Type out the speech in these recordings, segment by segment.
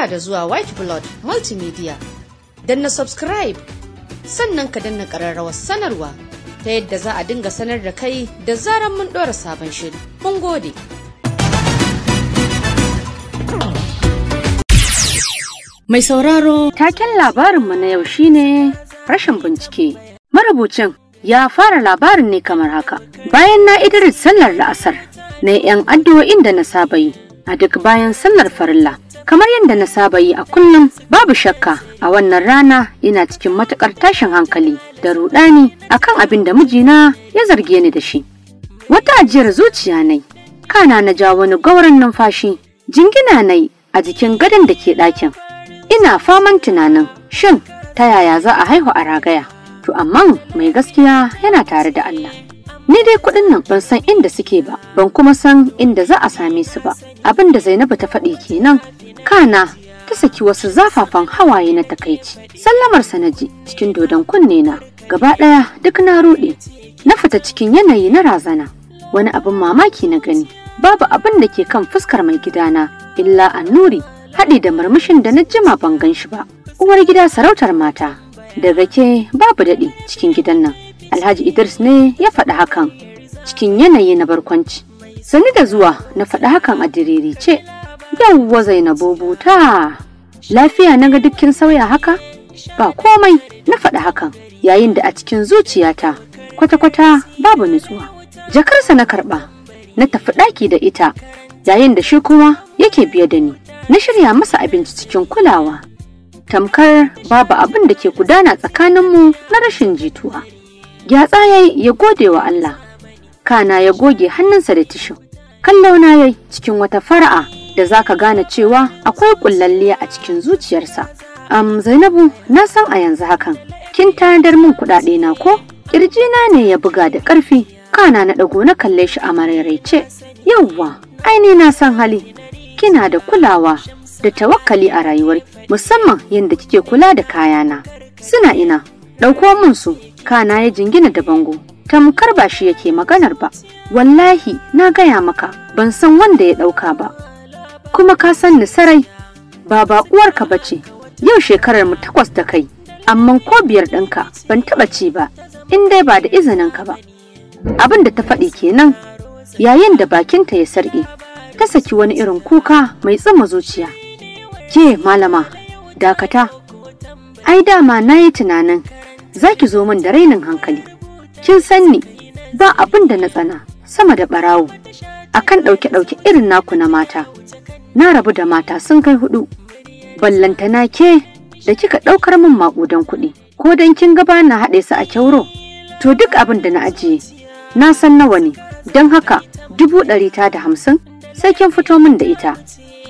Barka da zuwa White Blood Multimedia. na subscribe sannan ka danna ƙararrawar sanarwa ta yadda za a dinga sanar da kai da zaran mun ɗora sabon shiri. Mun gode. Mai sauraro taken labarinmu na yau shine rashin bincike. Marubucin ya fara labarin ne kamar haka. Bayan na sallar la'asar na 'yan addu'o'in da na saba yi a duk bayan sallar farilla. Kamar yadda na saba yi a kullum babu shakka a wannan rana ina cikin matukar tashin hankali da rudani kan abin da mijina ya zarge ni da shi. Wata ajiyar zuciya nai, kana na ja wani gauran numfashi, jingina nai a jikin gadon da ke ɗakin. Ina faman tunanin shin ta yaya za a haihu a ragaya. To amma mai gaskiya yana tare da Allah. Ni dai kuɗin nan ban san inda suke ba, ban kuma san inda za a same su ba. Abin da Zainabu ta faɗi kenan kana ta saki wasu zafafan hawaye na takaici sallamar ji cikin dodon kunne na gaba ɗaya duk na ruɗe na fita cikin yanayi na razana wani abin mamaki na gani babu abin da ke kan fuskar mai gidana illa annuri haɗi da murmushin da na jima ban gan shi ba uwar gida sarautar mata da rake babu daɗi cikin gidan nan alhaji idris ne ya faɗi hakan cikin yanayi na barkwanci sani da zuwa na faɗi hakan a diriri ce Yawwa Zainabu buta. Lafiya na ga dukkin sauya haka? Ba komai na faɗi hakan yayin da a cikin zuciyata kwata-kwata babu nutsuwa. Jakarsa na karɓa, na tafi ɗaki da ita yayin da shi kuma yake biye da ni. Na shirya masa abinci cikin kulawa. Tamkar babu abin da ke gudana tsakaninmu na rashin jituwa. Gyatsa yayi ya gode wa Allah. Kana ya goge hannunsa da tishin. Kallo na yai cikin wata fara'a da za ka gane cewa akwai kullalliya a cikin zuciyarsa. Am Zainabu na san a yanzu hakan, kin tanadar min kuɗaɗe na ko? Ƙirjina ne ya buga da ƙarfi, kana na ɗago na kalle shi a marairaice. Yawwa, aini na san hali, kina da kulawa da tawakkali a rayuwar musamman yadda kike kula da kayana. Suna ina, ɗauko min su, kana ya jingina da bango. Tamkar ba shi yake maganar ba, wallahi na gaya maka ban san wanda ya ɗauka ba. kuma ka san ni sarai ba baƙuwarka ba ce yau shekarar mu takwas da kai amma ko biyar ɗinka ban taɓa ci ba in dai ba da izininka ba abin da ta faɗi kenan yayin da bakinta ya sarƙe ta saki wani irin kuka mai tsuma zuciya ke malama dakata ai dama na yi tunanin za ki zo min da rainin hankali kin san ni ba abin da na tsana sama da ɓarawo akan ɗauke-ɗauke irin naku na mata na rabu da mata sun kai hudu ballantana ke da kika ɗaukar min maƙudan kuɗi ko don kin gaba na haɗe su a kyauro to duk abin da na ajiye na san nawa ne don haka dubu ɗari ta da hamsin sai kin fito min da ita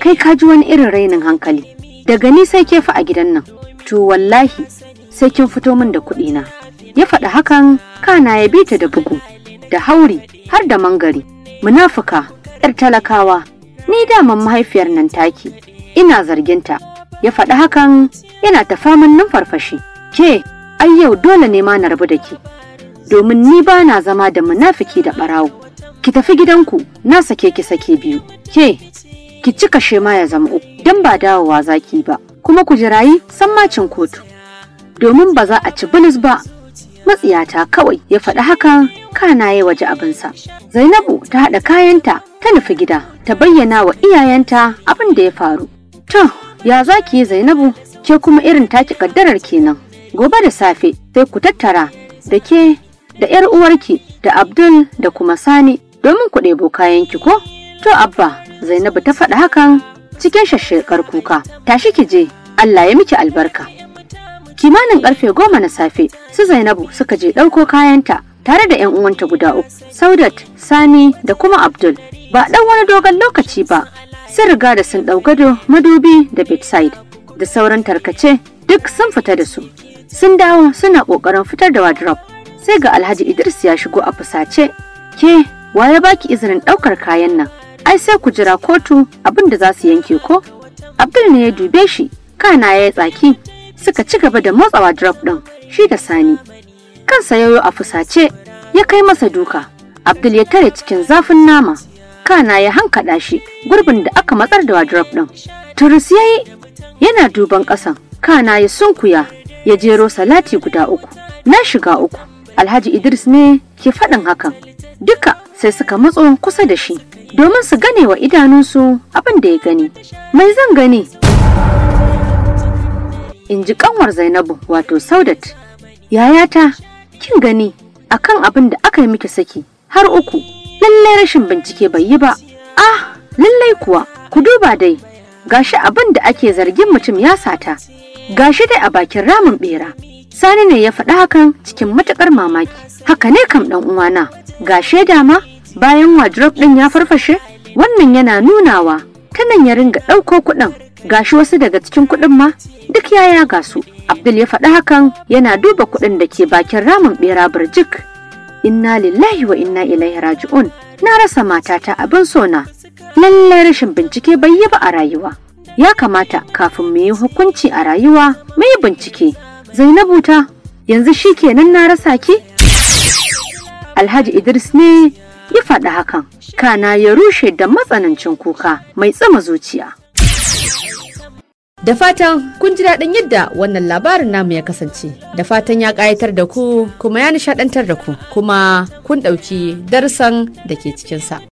kai ka ji wani irin rainin hankali daga ni sai ke fa a gidan nan to wallahi sai kin fito min da kuɗi na ya faɗa hakan kana ya bi ta da bugu da hauri har da mangari munafuka 'yar talakawa ni daman mahaifiyar nan taki ina zarginta ya faɗi hakan yana ta faman nan farfashi ke ai yau dole ne ma na rabu da ke domin ni ba na zama da munafiki da ɓarawo ki tafi gidanku na sake ki sake biyu ke ki cika shema ya zama uku don ba dawowa zaki ba kuma ku jirayi macin kotu domin ba za a ci bulus ba matsiyata kawai ya faɗi hakan kana ya waje abinsa. Zainabu ta haɗa kayanta ta nufi gida ta bayyana wa iyayenta abin da ya faru. To, ya za ki yi Zainabu ke kuma irin taki kaddarar kenan. Gobe da safe sai ku tattara da ke da ‘yar uwarki da Abdul da kuma Sani domin ku ɗebo kayanki ko? To Abba, Zainabu ta faɗi hakan cikin shashe kuka. Tashi ki je, Allah ya miki albarka. kimanin karfe goma na safe su zainabu suka je ɗauko kayanta tare da 'yan uwanta guda uku saudat sani da kuma abdul ba ɗan wani dogon lokaci ba sun riga da sun ɗau gado madubi da bedside da sauran tarkace duk sun fita da su sun dawo suna ƙoƙarin fitar da wardrop sai ga alhaji idris ya shigo a fusace ke wa ya baki izinin ɗaukar kayan nan ai sai ku jira kotu abin da za su yanke ko abdul ne ya dube shi kana ya yi tsaki suka ci gaba da motsawa drop ɗin shi da sani kansa yayo a fusace ya kai masa duka abdul ya tare cikin zafin nama kana ya hankaɗa shi gurbin da aka matsar da wardrop ɗin turus ya yana duban ƙasan kana ya sunkuya ya jero salati guda uku na shiga uku alhaji idris ne ke faɗin hakan duka sai suka matso kusa da shi domin su gane wa idanunsu abin da ya gani mai zan gani in ji kanwar Zainabu wato Saudat. Yayata, kin gani akan abin da aka yi miki saki har uku, lallai rashin bincike bai yi ba. Ah, lallai kuwa, ku duba dai, gashi abin da ake zargin mutum ya sata, gashi dai a bakin ramin bera. Sani ne ya faɗa hakan cikin matuƙar mamaki. Haka ne kam ɗan uwana, ga shaida ma bayan wardrobe ɗin ya farfashe, wannan yana nunawa ta nan ya ringa ɗauko kuɗin gashi wasu daga cikin kuɗin ma duk yaya ga su abdul ya faɗi hakan yana duba kuɗin da ke bakin ramin bera birjik inna lillahi wa inna ilaihi raji'un na rasa matata abin sona lallai rashin bincike bai yi ba a rayuwa ya kamata kafin mu yi hukunci a rayuwa mu yi bincike zainabu ta yanzu shi kenan na rasa ki alhaji idris ne ya faɗi hakan kana ya rushe da matsanancin kuka mai tsama zuciya Da fatan kun ji daɗin yadda wannan labarin namu ya kasance. Da fatan ya ƙayatar da ku kuma ya nishaɗantar da ku kuma kun ɗauki darsan da ke cikinsa.